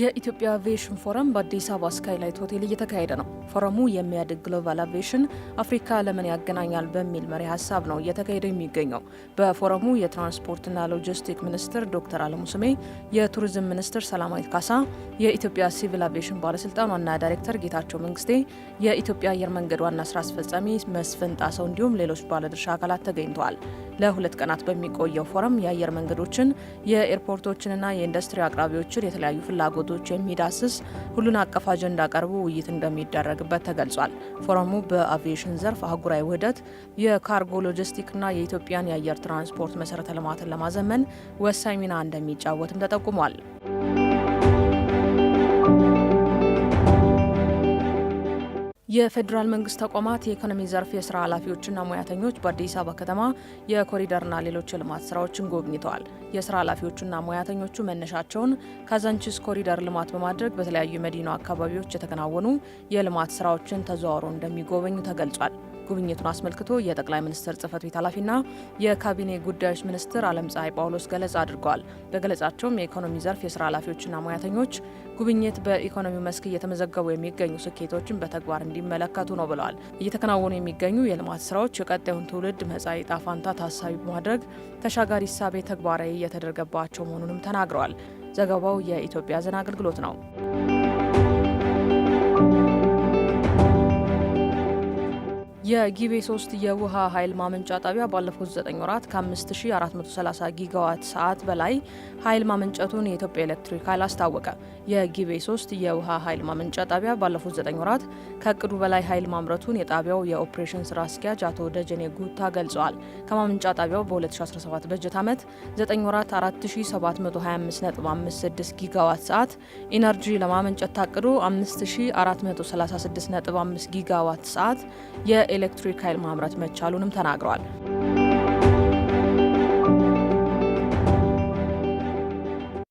የኢትዮጵያ አቪዬሽን ፎረም በአዲስ አበባ ስካይላይት ሆቴል እየተካሄደ ነው። ፎረሙ የሚያድግ ግሎባል አቪዬሽን አፍሪካ ለምን ያገናኛል በሚል መሪ ሀሳብ ነው እየተካሄደ የሚገኘው። በፎረሙ የትራንስፖርትና ሎጂስቲክ ሚኒስትር ዶክተር አለሙ ስሜ፣ የቱሪዝም ሚኒስትር ሰላማዊት ካሳ፣ የኢትዮጵያ ሲቪል አቪዬሽን ባለስልጣን ዋና ዳይሬክተር ጌታቸው መንግስቴ፣ የኢትዮጵያ አየር መንገድ ዋና ስራ አስፈጻሚ መስፍን ጣሰው እንዲሁም ሌሎች ባለድርሻ አካላት ተገኝተዋል። ለሁለት ቀናት በሚቆየው ፎረም የአየር መንገዶችን የኤርፖርቶችንና የኢንዱስትሪ አቅራቢዎችን የተለያዩ ፍላጎቶች የሚዳስስ ሁሉን አቀፍ አጀንዳ ቀርቦ ውይይት እንደሚደረግበት ተገልጿል። ፎረሙ በአቪዬሽን ዘርፍ አህጉራዊ ውህደት፣ የካርጎ ሎጂስቲክና የኢትዮጵያን የአየር ትራንስፖርት መሰረተ ልማትን ለማዘመን ወሳኝ ሚና እንደሚጫወትም ተጠቁሟል። የፌዴራል መንግስት ተቋማት የኢኮኖሚ ዘርፍ የስራ ኃላፊዎችና ሙያተኞች በአዲስ አበባ ከተማ የኮሪደርና ሌሎች የልማት ስራዎችን ጎብኝተዋል። የስራ ኃላፊዎቹና ሙያተኞቹ መነሻቸውን ካዛንቺስ ኮሪደር ልማት በማድረግ በተለያዩ መዲናው አካባቢዎች የተከናወኑ የልማት ስራዎችን ተዘዋውሮ እንደሚጎበኙ ተገልጿል። ጉብኝቱን አስመልክቶ የጠቅላይ ሚኒስትር ጽህፈት ቤት ኃላፊና የካቢኔ ጉዳዮች ሚኒስትር አለም ፀሐይ ጳውሎስ ገለጻ አድርገዋል። በገለጻቸውም የኢኮኖሚ ዘርፍ የስራ ኃላፊዎችና ሙያተኞች ጉብኝት በኢኮኖሚው መስክ እየተመዘገቡ የሚገኙ ስኬቶችን በተግባር እንዲመለከቱ ነው ብለዋል። እየተከናወኑ የሚገኙ የልማት ስራዎች የቀጣዩን ትውልድ መጻኢ ዕጣ ፈንታ ታሳቢ በማድረግ ተሻጋሪ እሳቤ ተግባራዊ እየተደረገባቸው መሆኑንም ተናግረዋል። ዘገባው የኢትዮጵያ ዜና አገልግሎት ነው። የጊቤ 3 የውሃ ኃይል ማመንጫ ጣቢያ ባለፉት 9 ወራት ከ5430 ጊጋዋት ሰዓት በላይ ኃይል ማመንጨቱን የኢትዮጵያ ኤሌክትሪክ ኃይል አስታወቀ። የጊቤ 3 የውሃ ኃይል ማመንጫ ጣቢያ ባለፉት 9 ወራት ከእቅዱ በላይ ኃይል ማምረቱን የጣቢያው የኦፕሬሽን ስራ አስኪያጅ አቶ ደጀኔ ጉታ ገልጸዋል። ከማመንጫ ጣቢያው በ2017 በጀት ዓመት 9 ወራት 4725.56 ጊጋዋት ሰዓት ኢነርጂ ለማመንጨት ታቅዶ 5436.5 ጊጋዋት ሰዓት የኤሌክትሪክ ኃይል ማምረት መቻሉንም ተናግረዋል።